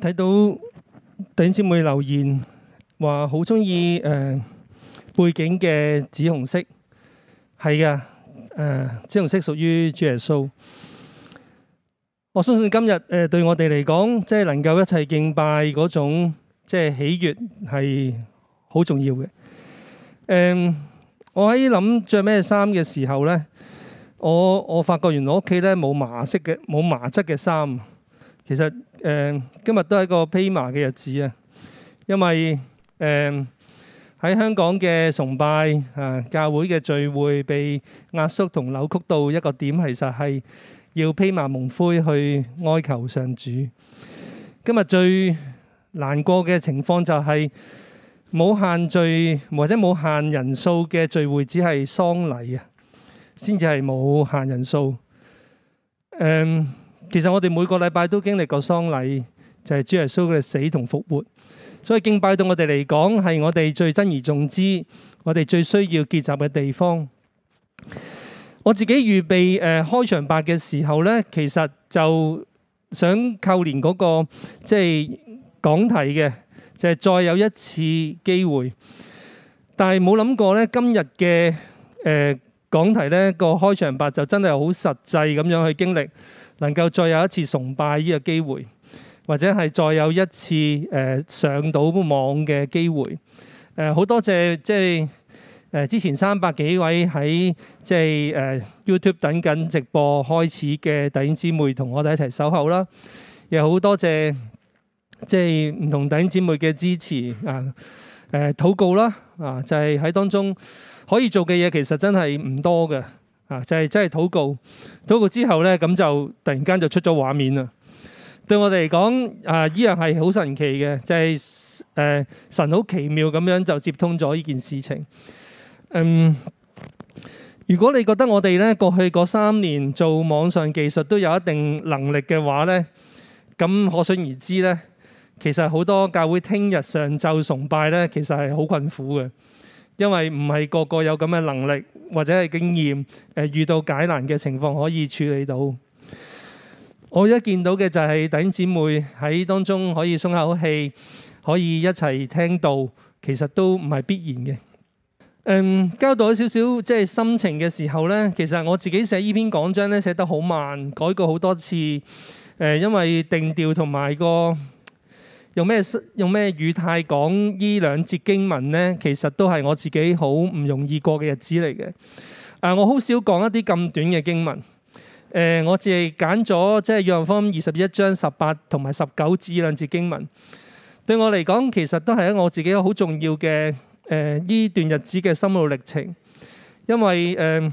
睇到弟兄姊妹留言話好中意誒背景嘅紫紅色，係嘅誒，紫紅色屬於主耶穌。我相信今日誒對我哋嚟講，即係能夠一齊敬拜嗰種即係喜悅係好重要嘅。誒，我喺諗著咩衫嘅時候咧，我我發覺原來屋企咧冇麻色嘅冇麻質嘅衫。其實誒、嗯、今日都係一個披麻嘅日子啊，因為誒、喺、嗯、香港嘅崇拜啊教會嘅聚會被壓縮同扭曲到一個點，其實係要披麻蒙灰去哀求上主。今日最難過嘅情況就係、是、冇限聚或者冇限人數嘅聚會，只係喪禮啊，先至係冇限人數誒。嗯。其實我哋每個禮拜都經歷過喪禮，就係主耶穌嘅死同復活，所以敬拜到我哋嚟講係我哋最珍而重之，我哋最需要結集嘅地方。我自己預備誒開場白嘅時候呢，其實就想扣連嗰個即係講題嘅，就係再有一次機會，但係冇諗過呢，今日嘅誒。講題咧個開場白就真係好實際咁樣去經歷，能夠再有一次崇拜呢個機會，或者係再有一次誒上到網嘅機會。誒好多謝即係誒之前三百幾位喺即係誒 YouTube 等緊直播開始嘅弟兄姊妹同我哋一齊守候啦。又好多謝即係唔同弟兄姊妹嘅支持啊，誒禱告啦，啊就係喺當中。可以做嘅嘢其實真係唔多嘅，啊就係、是、真係禱告，禱告之後咧咁就突然間就出咗畫面啦。對我哋嚟講，啊呢樣係好神奇嘅，就係、是、誒、呃、神好奇妙咁樣就接通咗呢件事情。嗯，如果你覺得我哋咧過去嗰三年做網上技術都有一定能力嘅話咧，咁可想而知咧，其實好多教會聽日上晝崇拜咧，其實係好困苦嘅。因為唔係個個有咁嘅能力或者係經驗，誒遇到解難嘅情況可以處理到。我一見到嘅就係弟兄姊妹喺當中可以鬆口氣，可以一齊聽道，其實都唔係必然嘅。嗯，交代少少即係心情嘅時候呢，其實我自己寫呢篇講章呢寫得好慢，改過好多次，誒因為定調同埋個，用咩用咩語態講呢兩節經文咧？其實都係我自己好唔容易過嘅日子嚟嘅。誒、呃，我好少講一啲咁短嘅經文。誒、呃，我淨係揀咗即係約翰福音二十一章十八同埋十九節兩節經文。對我嚟講，其實都係喺我自己好重要嘅誒呢段日子嘅心路歷程，因為誒。呃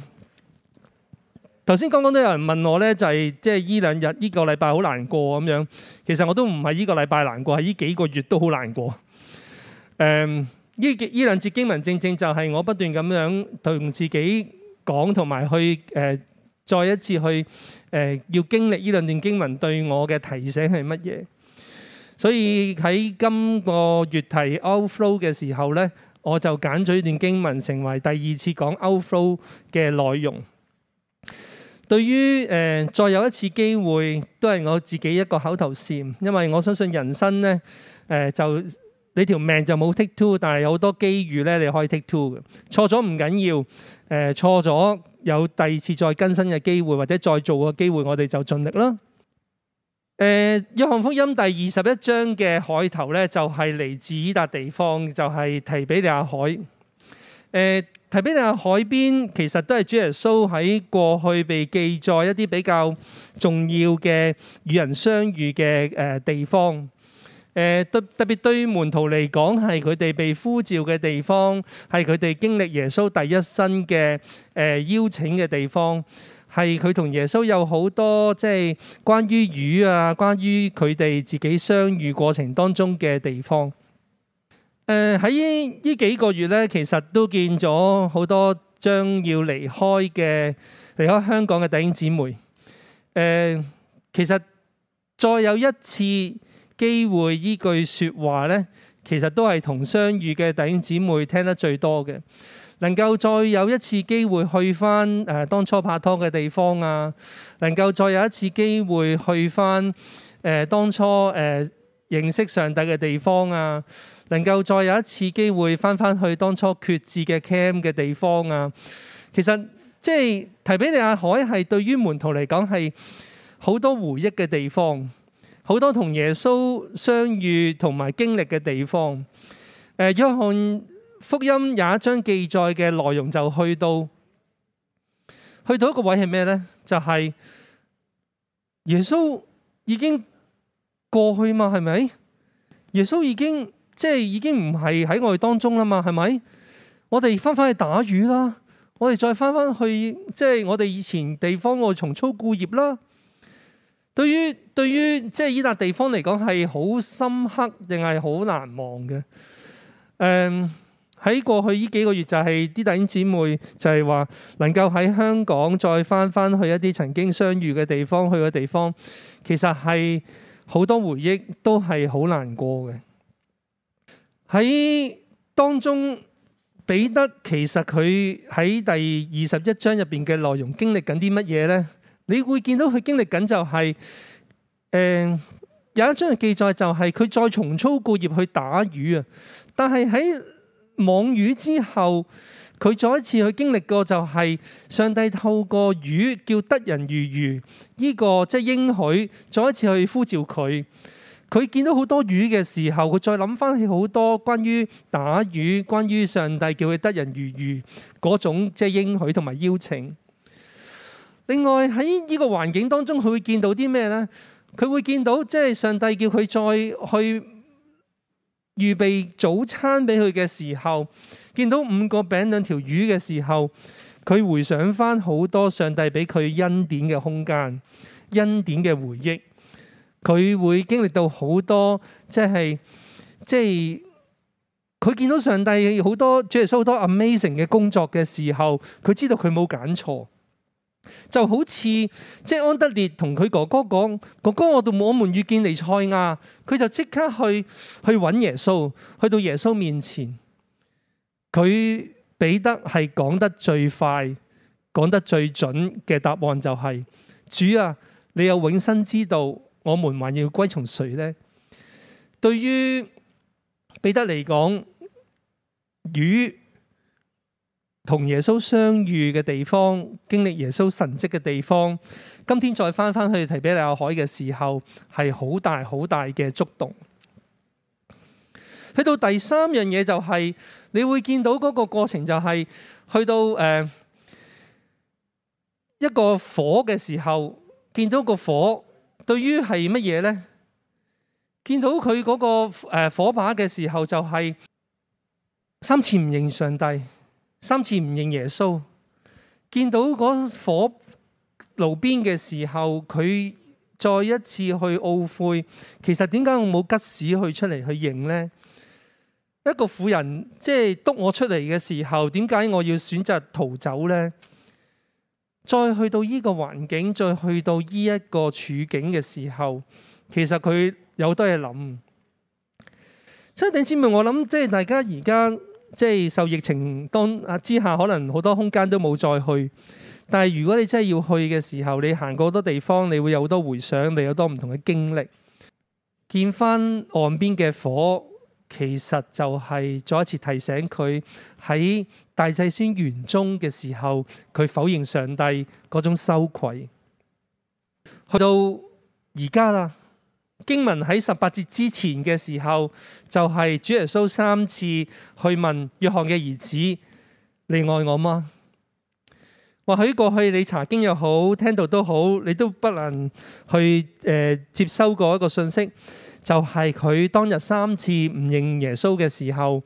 頭先剛剛都有人問我咧，就係即係依兩日依、這個禮拜好難過咁樣。其實我都唔係依個禮拜難過，係依幾個月都好難過。誒、嗯，依幾依兩節經文正正就係我不斷咁樣同自己講，同埋去誒、呃、再一次去誒、呃、要經歷呢兩段經文對我嘅提醒係乜嘢。所以喺今個月題 Outflow 嘅時候咧，我就揀咗一段經文成為第二次講 Outflow 嘅內容。對於誒、呃、再有一次機會，都係我自己一個口頭禪，因為我相信人生呢，誒、呃、就你條命就冇 take two，但係有好多機遇呢，你可以 take two 嘅。錯咗唔緊要，誒錯咗有第二次再更新嘅機會或者再做嘅機會，我哋就盡力啦。誒、呃《約翰福音》第二十一章嘅海頭呢，就係、是、嚟自呢笪地方，就係、是、提比利亞海。誒，提俾你啊，海邊其實都係主耶穌喺過去被記載一啲比較重要嘅與人相遇嘅誒地方。誒，特特別對門徒嚟講係佢哋被呼召嘅地方，係佢哋經歷耶穌第一身嘅誒邀請嘅地方，係佢同耶穌有好多即係關於魚啊，關於佢哋自己相遇過程當中嘅地方。誒，喺呢呢幾個月咧，其實都見咗好多將要離開嘅離開香港嘅弟兄姊妹。誒、呃，其實再有一次機會，呢句説話咧，其實都係同相遇嘅弟兄姊妹聽得最多嘅。能夠再有一次機會去返誒、呃、當初拍拖嘅地方啊，能夠再有一次機會去返誒、呃、當初誒、呃、認識上帝嘅地方啊。能夠再有一次機會返返去當初決志嘅 Cam 嘅地方啊，其實即係提比利亞海係對於門徒嚟講係好多回憶嘅地方，好多同耶穌相遇同埋經歷嘅地方。誒，約翰福音有一章記載嘅內容就去到去到一個位係咩呢？就係、是、耶穌已經過去嘛，係咪？耶穌已經。即係已經唔係喺我哋當中啦嘛，係咪？我哋翻返去打魚啦，我哋再翻返去即係我哋以前地方我重操故業啦。對於對於即係呢笪地方嚟講係好深刻定係好難忘嘅。誒、嗯、喺過去呢幾個月就係、是、啲弟兄姊妹就係話能夠喺香港再翻翻去一啲曾經相遇嘅地方去嘅地方，其實係好多回憶都係好難過嘅。喺當中，彼得其實佢喺第二十一章入邊嘅內容經歷緊啲乜嘢呢？你會見到佢經歷緊就係、是，誒、呃，有一章嘅記載就係佢再重操舊業去打魚啊！但係喺網魚之後，佢再一次去經歷過就係上帝透過魚叫得人如魚，呢、這個即係應許再一次去呼召佢。佢見到好多魚嘅時候，佢再諗翻起好多關於打魚、關於上帝叫佢得人如魚嗰種即係應許同埋邀請。另外喺呢個環境當中，佢會見到啲咩呢？佢會見到即係、就是、上帝叫佢再去預備早餐俾佢嘅時候，見到五個餅兩條魚嘅時候，佢回想翻好多上帝俾佢恩典嘅空間、恩典嘅回憶。佢會經歷到好多，即係即係佢見到上帝好多，即係做好多 amazing 嘅工作嘅時候，佢知道佢冇揀錯，就好似即係安德烈同佢哥哥講：哥哥，我哋我們遇見彌賽亞，佢就即刻去去揾耶穌，去到耶穌面前。佢彼得係講得最快、講得最準嘅答案就係、是：主啊，你有永生之道。我們還要歸從誰呢？對於彼得嚟講，與同耶穌相遇嘅地方，經歷耶穌神跡嘅地方，今天再翻翻去提比利亞海嘅時候，係好大好大嘅觸動。去到第三樣嘢就係、是，你會見到嗰個過程就係、是，去到誒、呃、一個火嘅時候，見到個火。對於係乜嘢呢？見到佢嗰個誒火把嘅時候，就係三次唔認上帝，三次唔認耶穌。見到嗰火爐邊嘅時候，佢再一次去懊悔。其實點解我冇吉士去出嚟去認呢？一個婦人即係督我出嚟嘅時候，點解我要選擇逃走呢？再去到依個環境，再去到依一個處境嘅時候，其實佢有好多嘢諗。即係你知唔知？我諗即係大家而家即係受疫情當啊之下，可能好多空間都冇再去。但係如果你真係要去嘅時候，你行過好多地方，你會有好多回想，你有多唔同嘅經歷，見翻岸邊嘅火。其實就係再一次提醒佢喺大祭司院中嘅時候，佢否認上帝嗰種羞愧。去到而家啦，經文喺十八節之前嘅時候，就係、是、主耶穌三次去問約翰嘅兒子：你愛我嗎？或許過去你查經又好，聽道都好，你都不能去誒、呃、接收嗰一個信息。就係佢當日三次唔認耶穌嘅時候，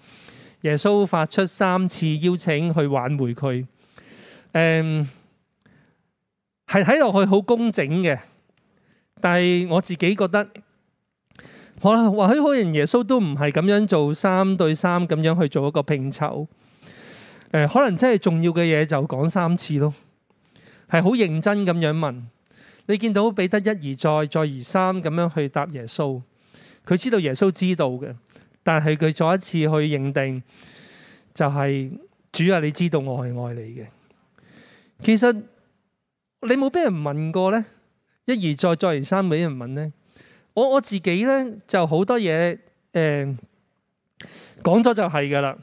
耶穌發出三次邀請去挽回佢。誒，係睇落去好工整嘅，但係我自己覺得，可能或許可能耶穌都唔係咁樣做三對三咁樣去做一個拼湊。誒，可能真係重要嘅嘢就講三次咯，係好認真咁樣問。你見到彼得一而再，再而三咁樣去答耶穌。佢知道耶穌知道嘅，但係佢再一次去認定，就係、是、主啊，你知道我係愛你嘅。其實你冇俾人問過咧，一而再，再而三俾人問咧。我我自己咧，就好多嘢誒講咗就係噶啦。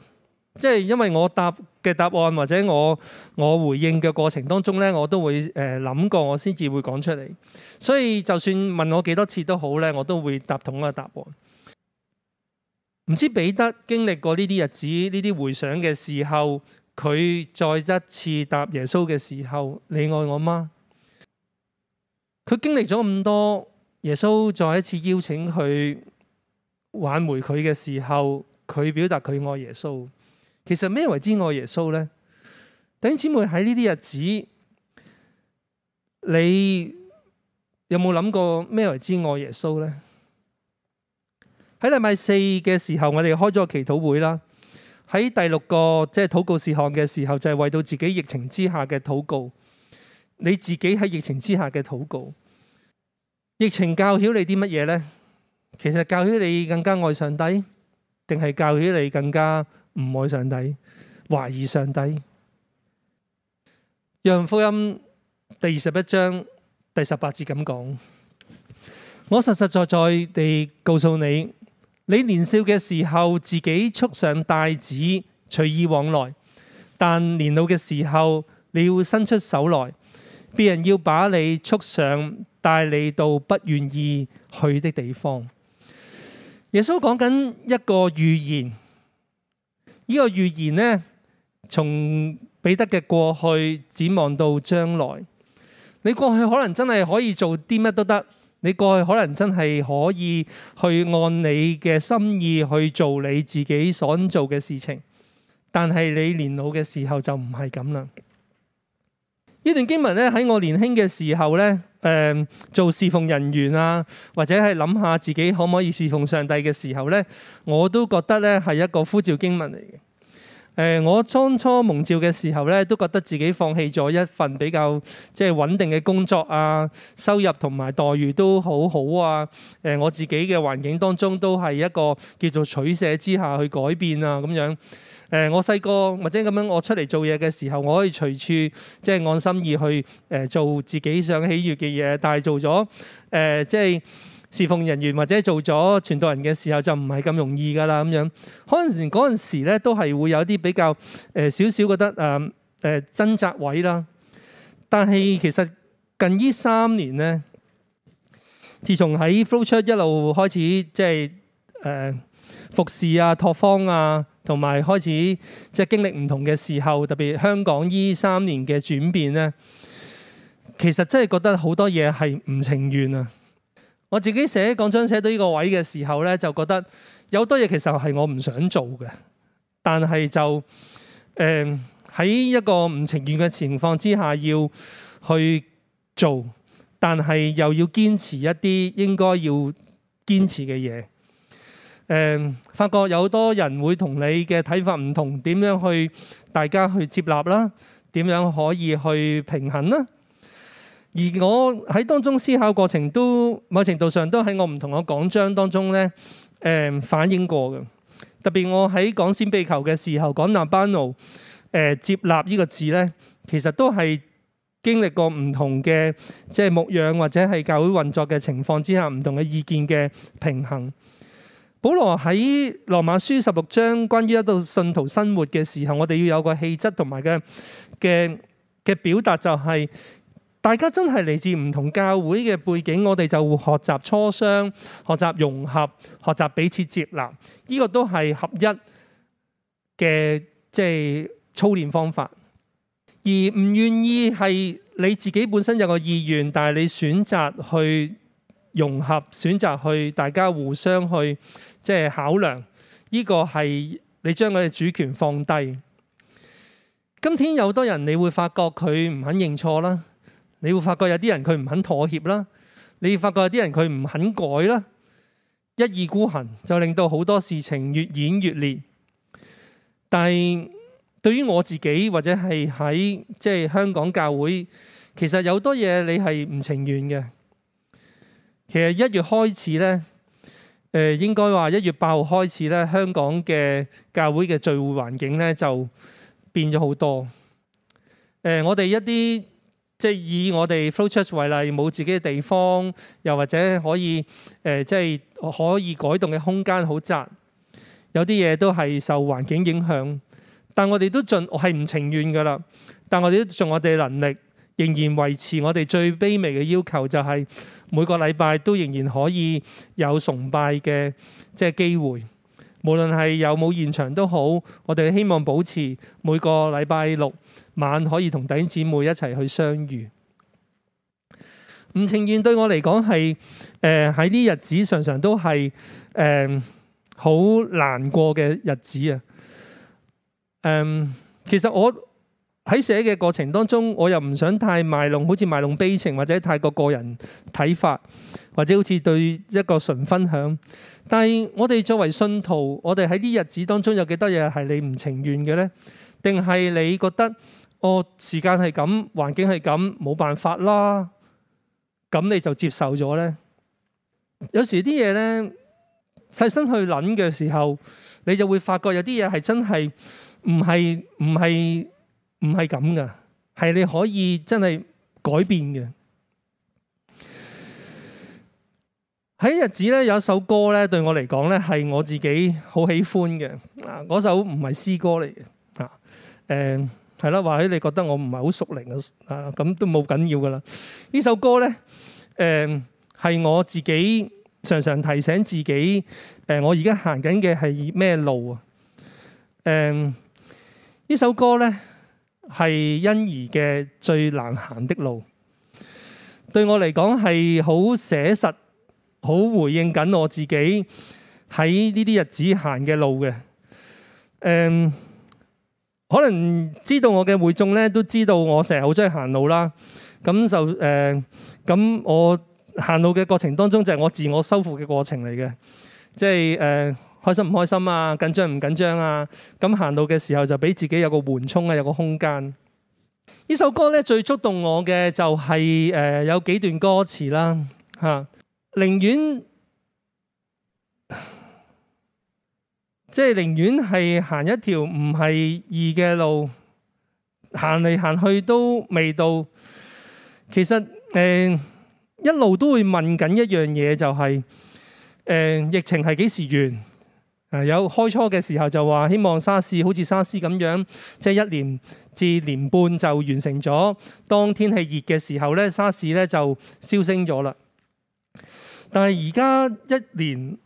即係因為我答嘅答案或者我我回應嘅過程當中咧，我都會誒諗過，我先至會講出嚟。所以就算問我幾多次都好咧，我都會答同一個答案。唔知彼得經歷過呢啲日子，呢啲回想嘅時候，佢再一次答耶穌嘅時候，你愛我嗎？佢經歷咗咁多，耶穌再一次邀請佢挽回佢嘅時候，佢表達佢愛耶穌。其實咩為之愛耶穌咧？弟兄姊妹喺呢啲日子，你有冇諗過咩為之愛耶穌咧？喺禮拜四嘅時候，我哋開咗個祈禱會啦。喺第六個即係禱告事項嘅時候，就係、是、為到自己疫情之下嘅禱告。你自己喺疫情之下嘅禱告，疫情教曉你啲乜嘢咧？其實教曉你更加愛上帝，定係教曉你更加？唔愛上帝，懷疑上帝。《約翰福音》第二十一章第十八節咁講：我實實在在地告訴你，你年少嘅時候，自己束上帶子，隨意往來；但年老嘅時候，你要伸出手來，別人要把你束上，帶你到不願意去的地方。耶穌講緊一個預言。呢個預言呢，從彼得嘅過去展望到將來。你過去可能真係可以做啲乜都得，你過去可能真係可以去按你嘅心意去做你自己想做嘅事情。但係你年老嘅時候就唔係咁啦。呢段經文咧，喺我年輕嘅時候呢。誒、呃、做侍奉人員啊，或者係諗下自己可唔可以侍奉上帝嘅時候咧，我都覺得咧係一個呼召經文嚟嘅。誒、呃，我當初蒙召嘅時候咧，都覺得自己放棄咗一份比較即係穩定嘅工作啊，收入同埋待遇都好好啊。誒、呃，我自己嘅環境當中都係一個叫做取捨之下去改變啊咁樣。誒、呃、我細個或者咁樣，我出嚟做嘢嘅時候，我可以隨處即係按心意去誒、呃、做自己想喜悅嘅嘢。但係做咗誒、呃、即係侍奉人員或者做咗傳道人嘅時候，就唔係咁容易噶啦咁樣。可能嗰陣時咧，都係會有啲比較誒少少覺得誒誒、呃呃、掙扎位啦。但係其實近呢三年咧，自從喺 Flow Church 一路開始，即係誒、呃、服侍啊、拓荒啊。同埋開始即係經歷唔同嘅時候，特別香港呢三年嘅轉變咧，其實真係覺得好多嘢係唔情願啊！我自己寫講章寫到呢個位嘅時候咧，就覺得有好多嘢其實係我唔想做嘅，但係就誒喺、呃、一個唔情願嘅情況之下要去做，但係又要堅持一啲應該要堅持嘅嘢。誒、嗯，發覺有好多人會同你嘅睇法唔同，點樣去大家去接納啦？點樣可以去平衡啦？而我喺當中思考過程都某程度上都喺我唔同嘅講章當中咧，誒、嗯、反映過嘅。特別我喺講閃避球嘅時候講拿班奴，誒、呃、接納呢個字咧，其實都係經歷過唔同嘅即係牧養或者係教會運作嘅情況之下唔同嘅意見嘅平衡。保羅喺羅馬書十六章關於一度信徒生活嘅時候，我哋要有個氣質同埋嘅嘅嘅表達、就是，就係大家真係嚟自唔同教會嘅背景，我哋就會學習磋商、學習融合、學習彼此接納，呢、這個都係合一嘅即係操練方法。而唔願意係你自己本身有個意願，但係你選擇去。融合，選擇去大家互相去即係考量，呢個係你將佢啲主權放低。今天有多人，你會發覺佢唔肯認錯啦；你會發覺有啲人佢唔肯妥協啦；你會發覺有啲人佢唔肯改啦，一意孤行就令到好多事情越演越烈。但係對於我自己或者係喺即係香港教會，其實有多嘢你係唔情願嘅。其實一月開始咧，誒、呃，應該話一月八號開始咧，香港嘅教會嘅聚會環境咧就變咗好多。誒、呃，我哋一啲即係以我哋 flow church 為例，冇自己嘅地方，又或者可以誒，即、呃、係、就是、可以改動嘅空間好窄，有啲嘢都係受環境影響。但我哋都盡係唔情願噶啦，但我哋都盡我哋嘅能力，仍然維持我哋最卑微嘅要求就係、是。每個禮拜都仍然可以有崇拜嘅即係機會，無論係有冇現場都好，我哋希望保持每個禮拜六晚可以同弟兄姊妹一齊去相遇。唔情願對我嚟講係誒喺啲日子常常都係誒好難過嘅日子啊。誒、呃，其實我。喺寫嘅過程當中，我又唔想太賣弄，好似賣弄悲情，或者太過個人睇法，或者好似對一個純分享。但係我哋作為信徒，我哋喺啲日子當中有幾多嘢係你唔情願嘅呢？定係你覺得我、哦、時間係咁，環境係咁，冇辦法啦，咁你就接受咗呢？有時啲嘢呢，細心去諗嘅時候，你就會發覺有啲嘢係真係唔係唔係。唔係咁噶，係你可以真係改變嘅。喺日子咧，有一首歌咧，對我嚟講咧，係我自己好喜歡嘅嗰首，唔係詩歌嚟嘅吓。誒，係啦，或者你覺得我唔係好屬靈啊，咁都冇緊要噶啦。呢首歌咧，誒，係我自己常常提醒自己，誒，我而家行緊嘅係咩路啊？誒，呢首歌咧。係欣宜嘅最難行的路，對我嚟講係好寫實，好回應緊我自己喺呢啲日子行嘅路嘅。誒、嗯，可能知道我嘅會眾咧都知道我成日好中意行路啦。咁就誒、咁、嗯、我行路嘅過程當中就係我自我修復嘅過程嚟嘅，即係誒。嗯開心唔開心啊？緊張唔緊張啊？咁行路嘅時候就俾自己有個緩衝啊，有個空間。呢首歌咧最觸動我嘅就係、是、誒、呃、有幾段歌詞啦嚇、啊，寧願即係、就是、寧願係行一條唔係易嘅路，行嚟行去都未到。其實誒、呃、一路都會問緊一樣嘢、就是，就係誒疫情係幾時完？啊！有開初嘅時候就話希望沙士好似沙士咁樣，即係一年至年半就完成咗。當天氣熱嘅時候咧，沙士咧就消聲咗啦。但係而家一年、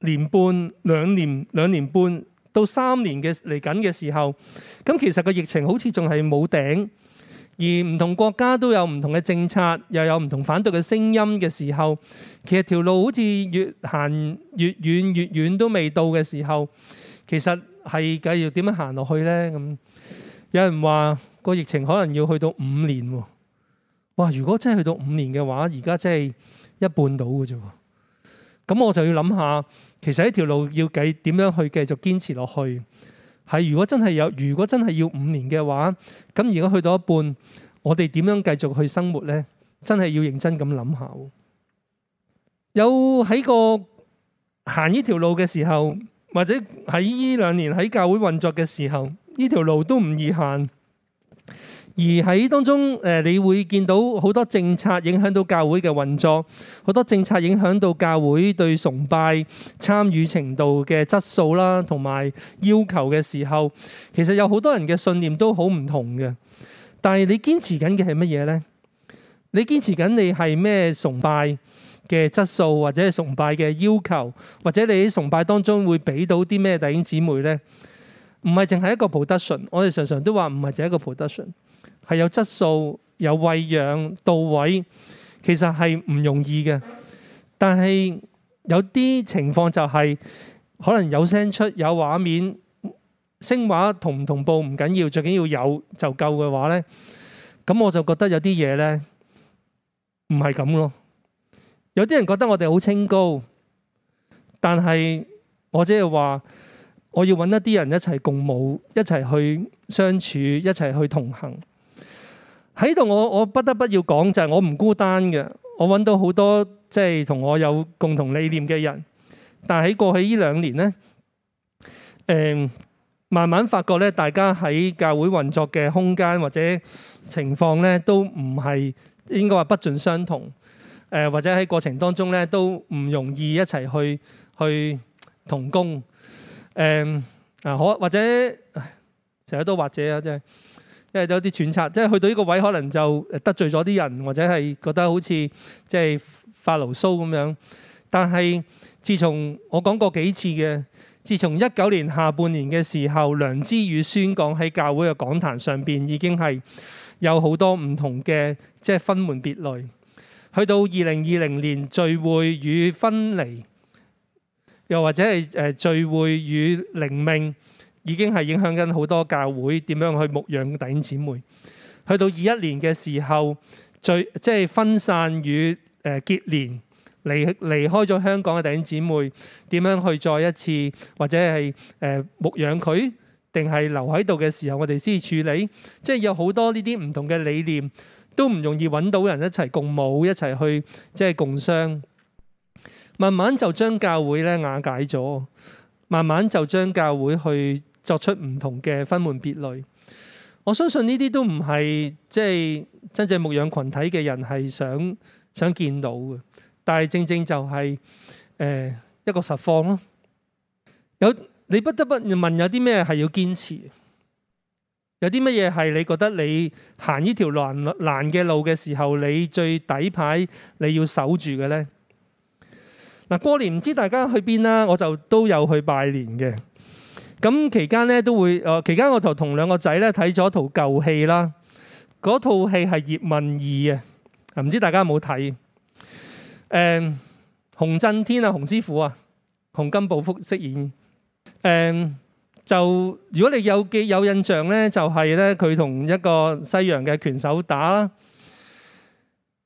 年半、兩年、兩年半到三年嘅嚟緊嘅時候，咁其實個疫情好似仲係冇頂。而唔同國家都有唔同嘅政策，又有唔同反對嘅聲音嘅時候，其實條路好似越行越遠越遠都未到嘅時候，其實係繼續點樣行落去呢？咁有人話個疫情可能要去到五年喎。哇！如果真係去到五年嘅話，而家真係一半到㗎啫。咁我就要諗下，其實呢條路要繼點樣去繼續堅持落去？係，如果真係有，如果真係要五年嘅話，咁如果去到一半，我哋點樣繼續去生活呢？真係要認真咁諗下。有喺個行呢條路嘅時候，或者喺呢兩年喺教會運作嘅時候，呢條路都唔易行。而喺當中，誒、呃，你會見到好多政策影響到教會嘅運作，好多政策影響到教會對崇拜參與程度嘅質素啦，同埋要求嘅時候，其實有好多人嘅信念都好唔同嘅。但係你堅持緊嘅係乜嘢呢？你堅持緊你係咩崇拜嘅質素，或者係崇拜嘅要求，或者你喺崇拜當中會俾到啲咩弟兄姊妹呢？唔係淨係一個 production，我哋常常都話唔係淨係一個 production。係有質素，有餵養到位，其實係唔容易嘅。但係有啲情況就係、係、可能有聲出、有畫面，聲畫同唔同步唔緊要，最緊要有就夠嘅話咧，咁我就覺得有啲嘢咧唔係咁咯。有啲人覺得我哋好清高，但係我即係話我要搵一啲人一齊共舞，一齊去相處，一齊去同行。喺度我我不得不要講就係我唔孤單嘅，我揾到好多即係同我有共同理念嘅人。但係喺過去呢兩年咧，誒慢慢發覺咧，大家喺教會運作嘅空間或者情況咧，都唔係應該話不盡相同。誒或者喺過程當中咧，都唔容易一齊去去同工。誒啊好或者成日都或者啊，即係。即係有啲揣測，即係去到呢個位，可能就得罪咗啲人，或者係覺得好似即係發牢騷咁樣。但係，自從我講過幾次嘅，自從一九年下半年嘅時候，良知與宣講喺教會嘅講壇上邊，已經係有好多唔同嘅，即係分門別類。去到二零二零年聚會與分離，又或者係誒聚會與靈命。已經係影響緊好多教會點樣去牧養弟兄姊妹。去到二一年嘅時候，最即係分散與誒結連離離開咗香港嘅弟兄姊妹，點樣去再一次或者係誒牧養佢，定係留喺度嘅時候，我哋先處理。即係有好多呢啲唔同嘅理念，都唔容易揾到人一齊共舞，一齊去即係共商。慢慢就將教會咧瓦解咗，慢慢就將教會去。作出唔同嘅分門別類，我相信呢啲都唔係即係真正牧養群體嘅人係想想見到嘅，但係正正就係誒一個實況咯，有你不得不問有啲咩係要堅持，有啲乜嘢係你覺得你行呢條難難嘅路嘅時候，你最底牌你要守住嘅呢？嗱，過年唔知大家去邊啦，我就都有去拜年嘅。咁期間咧都會，誒期間我就同兩個仔咧睇咗一套舊戲啦。嗰套戲係《葉問二》啊，唔知大家有冇睇？誒，洪震天啊，洪師傅啊，洪金寶飾演。誒，就如果你有記有印象咧，就係咧佢同一個西洋嘅拳手打啦。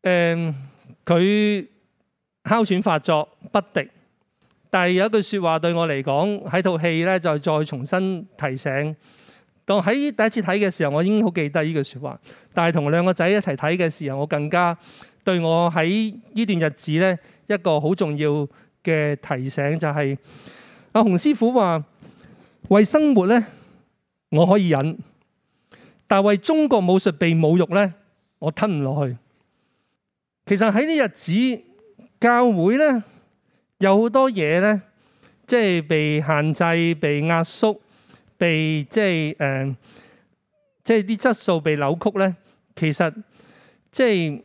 誒，佢哮喘發作，不敵。但係有一句說話對我嚟講喺套戲咧，就再重新提醒。當喺第一次睇嘅時候，我已經好記得呢句說話。但係同兩個仔一齊睇嘅時候，我更加對我喺呢段日子咧一個好重要嘅提醒就係阿洪師傅話：為生活咧我可以忍，但係為中國武術被侮辱咧，我吞唔落去。其實喺呢日子教會咧。有好多嘢咧，即係被限制、被壓縮、被即係誒，即係啲、呃、質素被扭曲咧。其實即係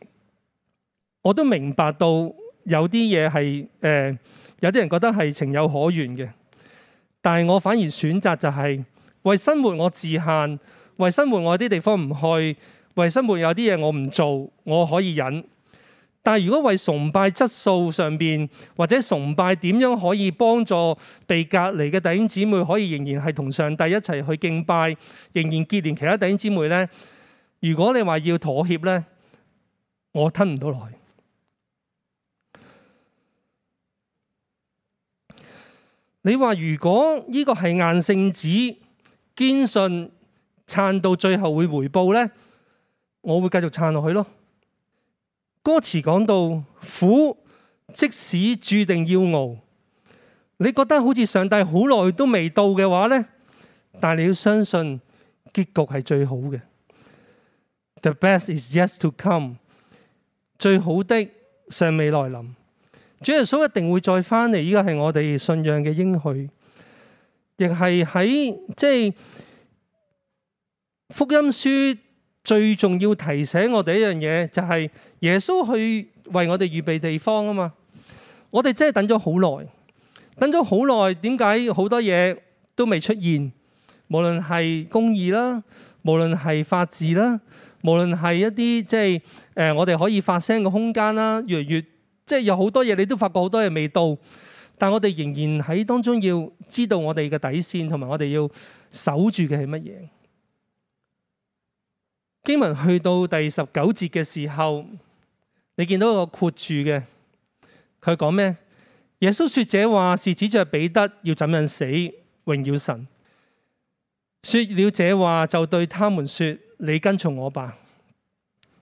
我都明白到有啲嘢係誒，有啲人覺得係情有可原嘅，但係我反而選擇就係、是、為生活我自限，為生活我有啲地方唔去，為生活有啲嘢我唔做，我可以忍。但係如果為崇拜質素上邊，或者崇拜點樣可以幫助被隔離嘅弟兄姊妹可以仍然係同上帝一齊去敬拜，仍然結連其他弟兄姊妹呢？如果你話要妥協呢，我吞唔到落去。你話如果呢個係硬性子，堅信撐到最後會回報呢？我會繼續撐落去咯。歌詞講到苦，即使注定要熬。你覺得好似上帝好耐都未到嘅話呢？但係你要相信結局係最好嘅。The best is yet to come，最好的尚未來臨。主耶穌一定會再翻嚟，呢個係我哋信仰嘅應許，亦係喺即係福音書。最重要提醒我哋一樣嘢，就係、是、耶穌去為我哋預備地方啊嘛！我哋真係等咗好耐，等咗好耐。點解好多嘢都未出現？無論係公義啦，無論係法治啦，無論係一啲即係誒我哋可以發聲嘅空間啦，越嚟越即係、就是、有好多嘢，你都發覺好多嘢未到。但我哋仍然喺當中要知道我哋嘅底線，同埋我哋要守住嘅係乜嘢？經文去到第十九節嘅時候，你見到一個括住嘅，佢講咩？耶穌說,這話是指著彼得要怎樣死，榮耀神。說了這話，就對他們說：你跟從我吧。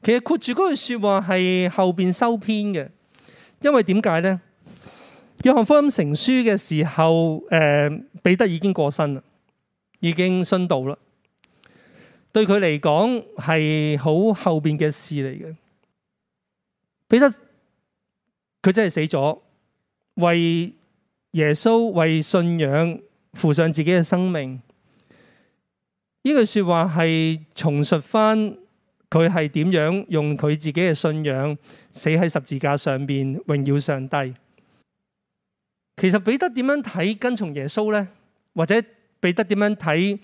其實括住嗰句說話係後邊收篇嘅，因為點解呢？約翰福音成書嘅時候，誒、呃，彼得已經過身啦，已經殉道啦。對佢嚟講係好後邊嘅事嚟嘅。彼得佢真係死咗，為耶穌為信仰付上自己嘅生命。呢句說話係重述翻佢係點樣用佢自己嘅信仰死喺十字架上邊榮耀上帝。其實彼得點樣睇跟從耶穌呢？或者彼得點樣睇？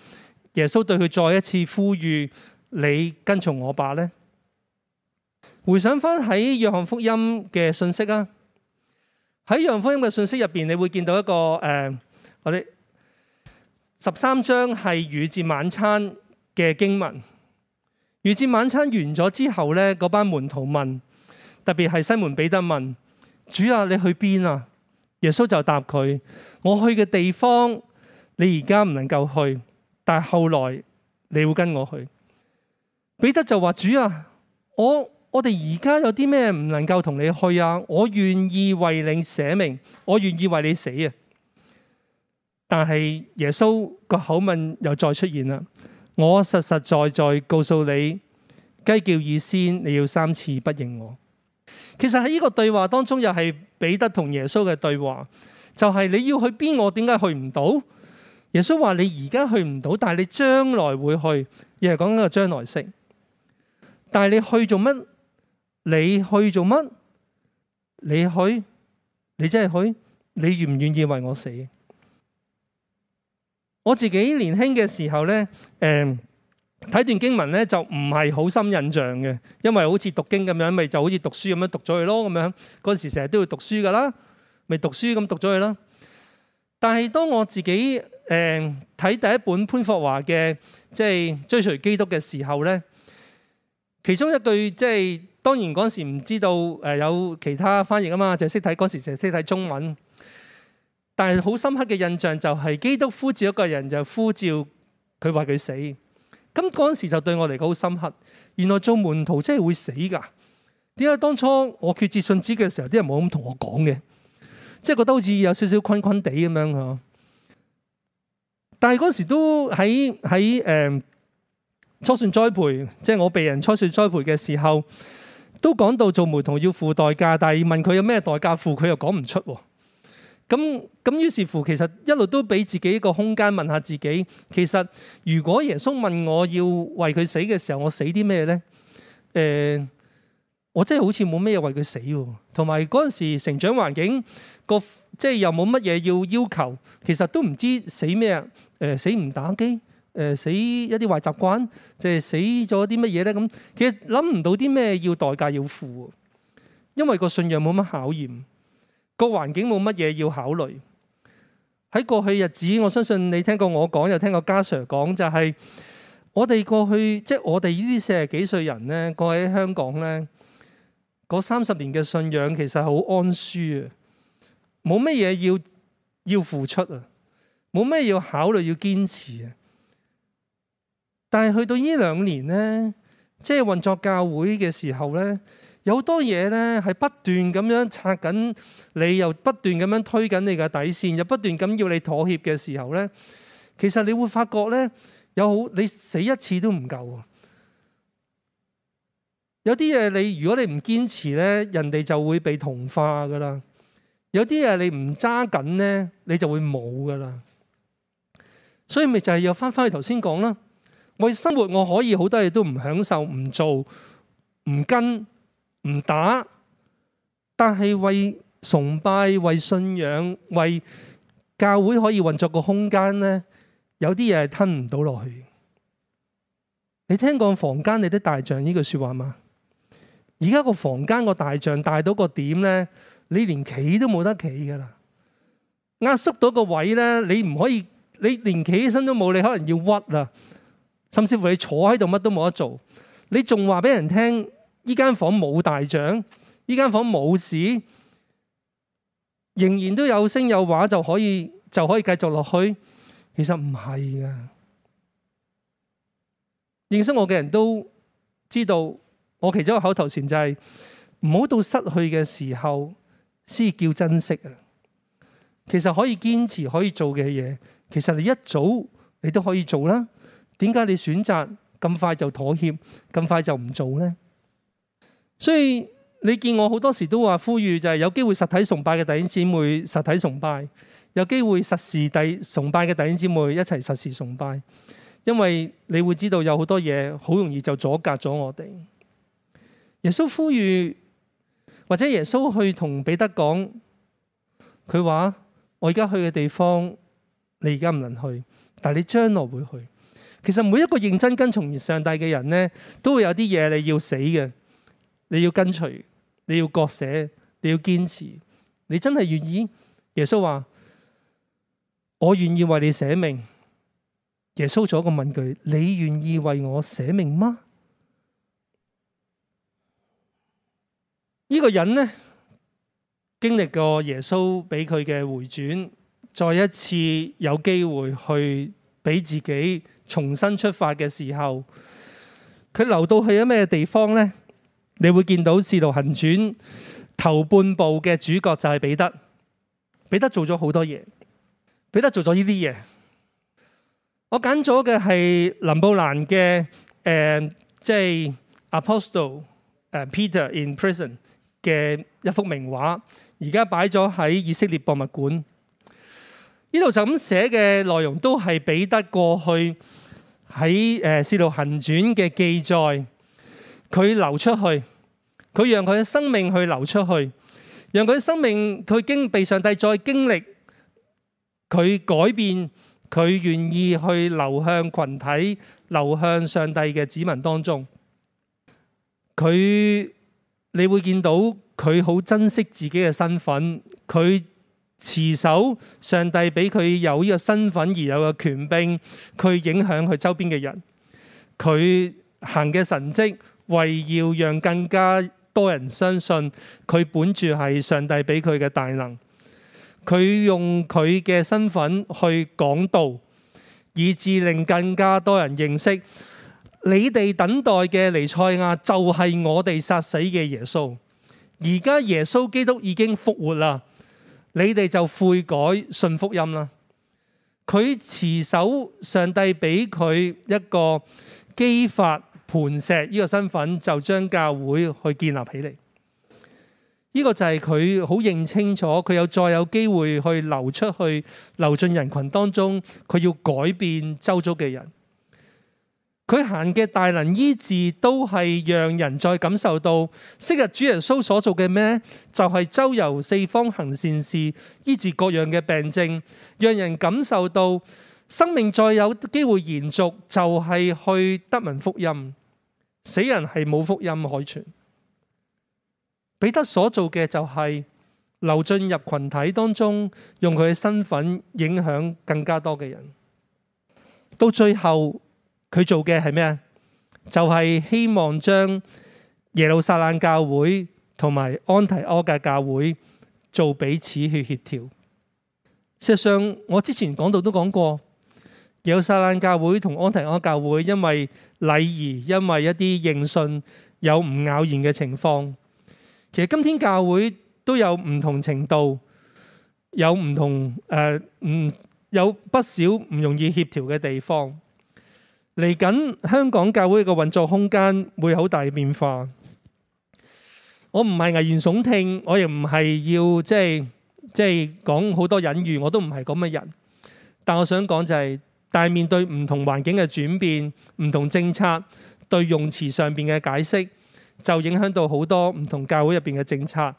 耶穌對佢再一次呼籲：你跟從我吧咧。回想翻喺約翰福音嘅信息啊，喺約翰福音嘅信息入邊，你會見到一個誒，我哋十三章係預設晚餐嘅經文。預設晚餐完咗之後咧，嗰班門徒問，特別係西門彼得問主啊，你去邊啊？耶穌就答佢：我去嘅地方，你而家唔能夠去。但係後來你會跟我去，彼得就話：主啊，我我哋而家有啲咩唔能夠同你去啊？我願意為你捨命，我願意為你死啊！但係耶穌個口吻又再出現啦，我實實在在，在告訴你，雞叫以先，你要三次不認我。其實喺呢個對話當中，又係彼得同耶穌嘅對話，就係、是、你要去邊，我點解去唔到？耶穌話：你而家去唔到，但係你將來會去。又係講緊個將來式。但係你去做乜？你去做乜？你去？你真係去？你願唔願意為我死？我自己年輕嘅時候呢，誒、嗯，睇段經文呢就唔係好深印象嘅，因為好似讀經咁樣，咪就好似讀書咁樣讀咗佢咯咁樣。嗰時成日都要讀書噶啦，咪讀書咁讀咗佢咯。但係當我自己。誒睇、嗯、第一本潘霍華嘅，即係追隨基督嘅時候咧，其中一句，即係當然嗰陣時唔知道誒、呃、有其他翻譯啊嘛，淨係識睇嗰時淨係識睇中文，但係好深刻嘅印象就係基督呼召一個人就是、呼召佢為佢死，咁嗰陣時就對我嚟講好深刻。原來做門徒真係會死噶，點解當初我決志信主嘅時候啲人冇咁同我講嘅，即係覺得好似有少少困困地咁樣呵。但係嗰時都喺喺誒初選栽培，即係我被人初選栽培嘅時候，都講到做牧童要付代價。但係問佢有咩代價付，佢又講唔出。咁咁於是乎，其實一路都俾自己一個空間問下自己，其實如果耶穌問我要為佢死嘅時候，我死啲咩咧？誒、呃，我真係好似冇咩為佢死。同埋嗰陣時成長環境個即係又冇乜嘢要要求，其實都唔知死咩啊！誒、呃、死唔打機，誒、呃、死一啲壞習慣，即、就、係、是、死咗啲乜嘢咧？咁其實諗唔到啲咩要代價要付，因為個信仰冇乜考驗，個環境冇乜嘢要考慮。喺過去日子，我相信你聽過我講，又聽過家 Sir 講，就係、是、我哋過去即係、就是、我哋呢啲四十幾歲人咧，過喺香港咧，嗰三十年嘅信仰其實好安舒啊，冇乜嘢要要付出啊。冇咩要考慮，要堅持啊！但係去到呢兩年呢，即係運作教會嘅時候呢，有好多嘢呢係不斷咁樣拆緊你，你又不斷咁樣推緊你嘅底線，又不斷咁要你妥協嘅時候呢，其實你會發覺呢，有好你死一次都唔夠啊。有啲嘢你如果你唔堅持呢，人哋就會被同化噶啦。有啲嘢你唔揸緊呢，你就會冇噶啦。所以咪就係又返返去頭先講啦。為生活我可以好多嘢都唔享受、唔做、唔跟、唔打，但係為崇拜、為信仰、為教會可以運作個空間咧，有啲嘢係吞唔到落去。你聽過房間裡的大象呢句說話嘛？而家個房間個大象大到個點咧，你連企都冇得企噶啦，壓縮到個位咧，你唔可以。你連企起身都冇，你可能要屈啦。甚至乎你坐喺度乜都冇得做，你仲話俾人聽依間房冇大獎，依間房冇事，仍然都有聲有話就可以就可以繼續落去。其實唔係噶。認識我嘅人都知道，我其中一個口頭禪就係唔好到失去嘅時候先叫珍惜啊。其實可以堅持可以做嘅嘢。其實你一早你都可以做啦，點解你選擇咁快就妥協，咁快就唔做呢？所以你見我好多時都話呼籲，就係有機會實體崇拜嘅弟兄姊妹實體崇拜，有機會實時第崇拜嘅弟兄姊妹一齊實時崇拜，因為你會知道有好多嘢好容易就阻隔咗我哋。耶穌呼籲，或者耶穌去同彼得講，佢話我而家去嘅地方。你而家唔能去，但係你將來會去。其實每一個認真跟從上帝嘅人呢，都會有啲嘢你要死嘅，你要跟隨，你要割捨，你要堅持。你真係願意？耶穌話：我願意為你捨命。耶穌做一個問句：你願意為我捨命嗎？呢個人呢，經歷過耶穌俾佢嘅回轉。再一次有機會去俾自己重新出發嘅時候，佢留到去咗咩地方呢？你會見到《使徒行傳》頭半部嘅主角就係彼得。彼得做咗好多嘢，彼得做咗呢啲嘢。我揀咗嘅係林布蘭嘅誒，即、呃、係《就是、Apostle、uh, Peter in Prison》嘅一幅名畫，而家擺咗喺以色列博物館。呢度就咁寫嘅內容都係比得過去喺《誒使徒行傳》嘅記載，佢流出去，佢讓佢嘅生命去流出去，讓佢嘅生命佢經被上帝再經歷，佢改變，佢願意去流向羣體，流向上帝嘅子民當中。佢，你會見到佢好珍惜自己嘅身份，佢。持守上帝俾佢有呢個身份而有嘅權柄，佢影響佢周邊嘅人，佢行嘅神蹟為要讓更加多人相信佢本住係上帝俾佢嘅大能，佢用佢嘅身份去講道，以致令更加多人認識你哋等待嘅彌賽亞就係我哋殺死嘅耶穌，而家耶穌基督已經復活啦。你哋就悔改信福音啦。佢持守上帝俾佢一個磯法磐石呢個身份，就將教會去建立起嚟。呢個就係佢好認清楚，佢有再有機會去流出去、流進人群當中，佢要改變周遭嘅人。佢行嘅大能醫治，都係讓人再感受到昔日主耶穌所做嘅咩？就係周遊四方行善事，醫治各樣嘅病症，讓人感受到生命再有機會延續，就係去得聞福音。死人係冇福音可傳。彼得所做嘅就係流進入群體當中，用佢嘅身份影響更加多嘅人，到最後。佢做嘅係咩啊？就係希望將耶路撒冷教會同埋安提阿嘅教會做彼此去協調。事實上，我之前講到都講過，耶路撒冷教會同安提阿教會因為禮儀、因為一啲認信有唔咬弦嘅情況。其實今天教會都有唔同程度，有唔同誒，唔有不少唔容易協調嘅地方。嚟緊香港教會嘅運作空間會好大嘅變化。我唔係危言聳聽，我亦唔係要即係即係講好多隱喻，我都唔係咁嘅人。但係我想講就係，但係面對唔同環境嘅轉變，唔同政策對用詞上面嘅解釋，就影響到好多唔同教會入面嘅政策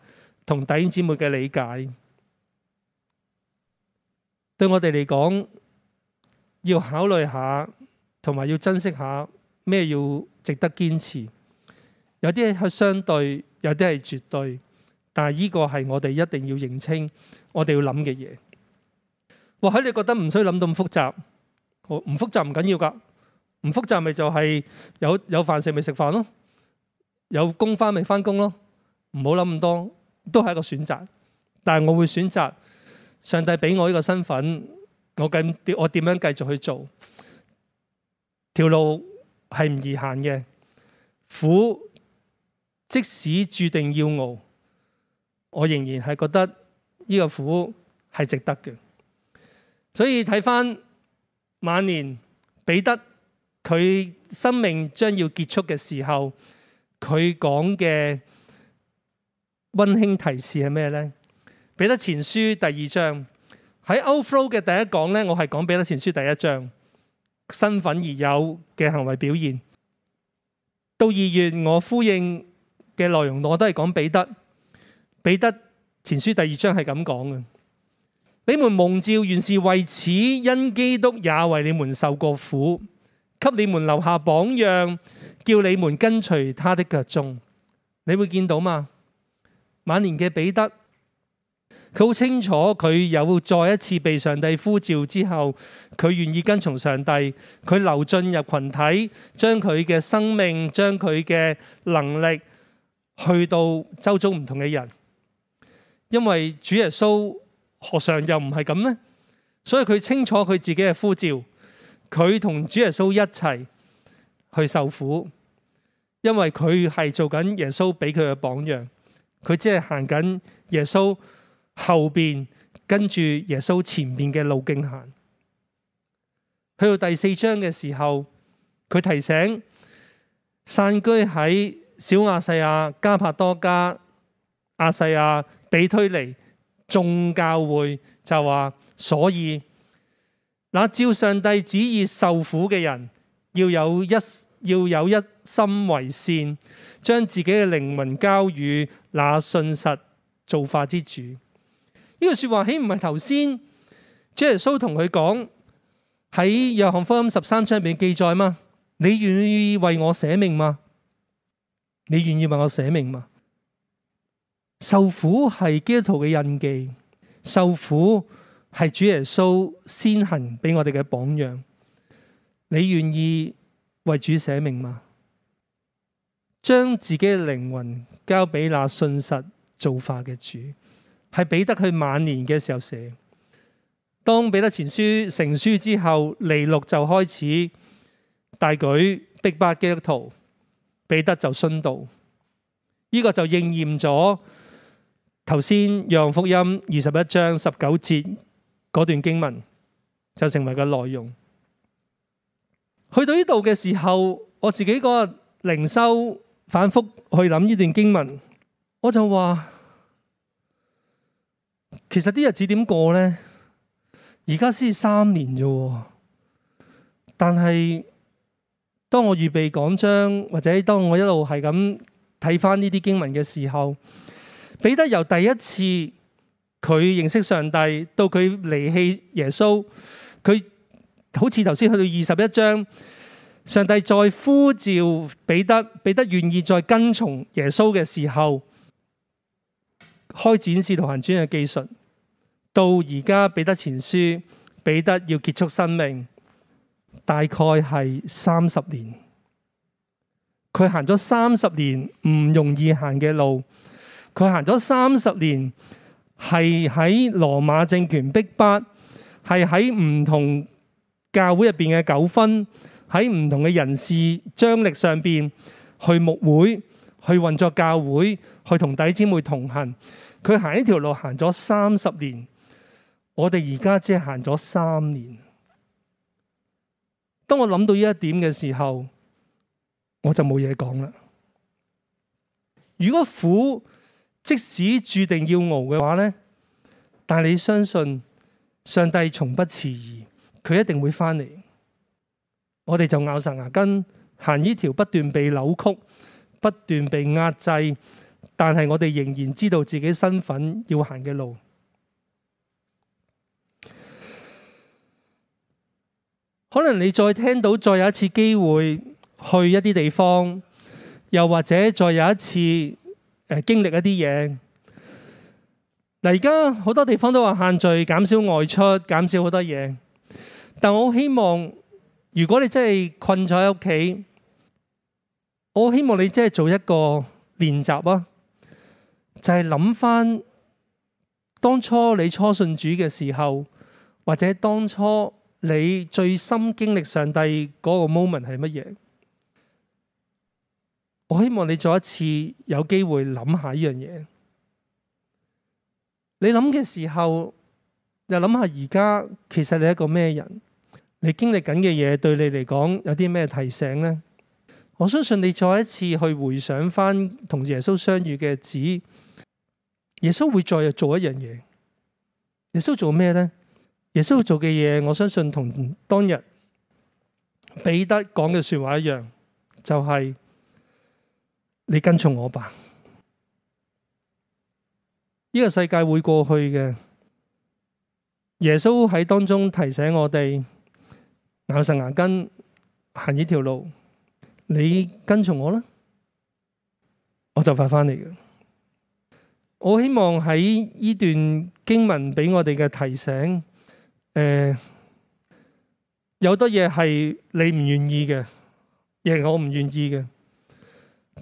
同弟兄姊妹嘅理解。對我哋嚟講，要考慮下。同埋要珍惜下咩要值得堅持，有啲係相對，有啲係絕對，但係呢個係我哋一定要認清我要，我哋要諗嘅嘢。或許你覺得唔需要諗到咁複雜，唔複雜唔緊要噶，唔複雜咪就係有有飯食咪食飯咯，有工翻咪翻工咯，唔好諗咁多，都係一個選擇。但係我會選擇上帝俾我呢個身份，我繼我點樣繼續去做。條路係唔易行嘅，苦即使注定要熬，我仍然係覺得呢個苦係值得嘅。所以睇翻晚年彼得佢生命將要結束嘅時候，佢講嘅溫馨提示係咩呢？彼得前書第二章喺 Outflow 嘅第一講呢，我係講彼得前書第一章。身份而有嘅行為表現，到二月我呼應嘅內容，我都係講彼得。彼得前書第二章係咁講嘅：你們蒙召原是為此，因基督也為你們受過苦，給你們留下榜樣，叫你們跟隨他的腳蹤。你會見到嘛？晚年嘅彼得。佢好清楚，佢有再一次被上帝呼召之後，佢願意跟從上帝，佢流進入群體，將佢嘅生命、將佢嘅能力去到周遭唔同嘅人。因為主耶穌何嘗又唔係咁呢？所以佢清楚佢自己嘅呼召，佢同主耶穌一齊去受苦，因為佢係做緊耶穌俾佢嘅榜樣，佢只係行緊耶穌。後邊跟住耶穌前面嘅路徑行，去到第四章嘅時候，佢提醒散居喺小亞細亞、加帕多加、亞細亞、比推尼眾教會就話，所以那照上帝旨意受苦嘅人，要有一要有一心為善，將自己嘅靈魂交予那信實造化之主。呢句說話豈唔係頭先主耶穌同佢講喺《約翰福音》十三章入面記載嘛？你願意為我捨命嗎？你願意為我捨命嗎？受苦係基督徒嘅印記，受苦係主耶穌先行俾我哋嘅榜樣。你願意為主捨命嗎？將自己嘅靈魂交俾那信實造化嘅主。係彼得佢晚年嘅時候寫，當彼得前書成書之後，尼禄就開始大舉迫害基督徒，彼得就殉道。呢、這個就應驗咗頭先《約翰福音》二十一章十九節嗰段經文，就成為個內容。去到呢度嘅時候，我自己嗰個靈修反覆去諗呢段經文，我就話。其實啲日子點過咧？而家先三年啫喎，但係當我預備講章或者當我一路係咁睇翻呢啲經文嘅時候，彼得由第一次佢認識上帝到佢離棄耶穌，佢好似頭先去到二十一章，上帝再呼召彼得，彼得願意再跟從耶穌嘅時候。開展使徒行傳嘅技術，到而家彼得前書，彼得要結束生命，大概係三十年。佢行咗三十年唔容易行嘅路，佢行咗三十年，係喺羅馬政權逼迫，係喺唔同教會入邊嘅糾紛，喺唔同嘅人事張力上邊去牧會，去運作教會，去同弟姊妹同行。佢行呢條路行咗三十年，我哋而家只係行咗三年。當我諗到呢一點嘅時候，我就冇嘢講啦。如果苦即使注定要熬嘅話呢，但係你相信上帝從不遲疑，佢一定會翻嚟。我哋就咬實牙根行呢條不斷被扭曲、不斷被壓制。但係我哋仍然知道自己身份要行嘅路，可能你再聽到再有一次機會去一啲地方，又或者再有一次誒、呃、經歷一啲嘢。而家好多地方都話限聚，減少外出，減少好多嘢。但我希望，如果你真係困在屋企，我希望你真係做一個練習啊！就係諗翻當初你初信主嘅時候，或者當初你最深經歷上帝嗰個 moment 係乜嘢？我希望你再一次有機會諗下呢樣嘢。你諗嘅時候又諗下而家其實你係一個咩人？你經歷緊嘅嘢對你嚟講有啲咩提醒呢？我相信你再一次去回想翻同耶穌相遇嘅日子。耶穌會再做一樣嘢。耶穌做咩呢？耶穌做嘅嘢，我相信同當日彼得講嘅說的話一樣，就係、是、你跟從我吧。呢、這個世界會過去嘅。耶穌喺當中提醒我哋咬緊牙根行呢條路，你跟從我啦，我就快返嚟。我希望喺呢段經文俾我哋嘅提醒，誒、呃，有啲嘢係你唔願意嘅，亦係我唔願意嘅。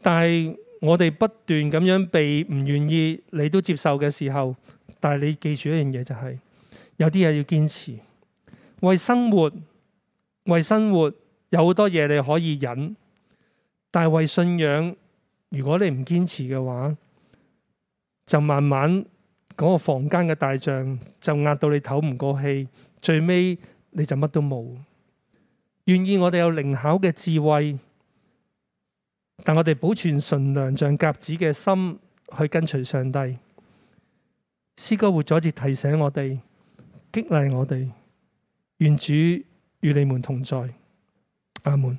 但係我哋不斷咁樣被唔願意，你都接受嘅時候，但係你記住一樣嘢就係、是，有啲嘢要堅持。為生活，為生活有好多嘢你可以忍，但係為信仰，如果你唔堅持嘅話。就慢慢嗰個房間嘅大象就壓到你唞唔過氣，最尾你就乜都冇。願意我哋有靈巧嘅智慧，但我哋保存純良像鴿子嘅心去跟隨上帝。詩歌會再次提醒我哋，激勵我哋，願主與你們同在。阿門。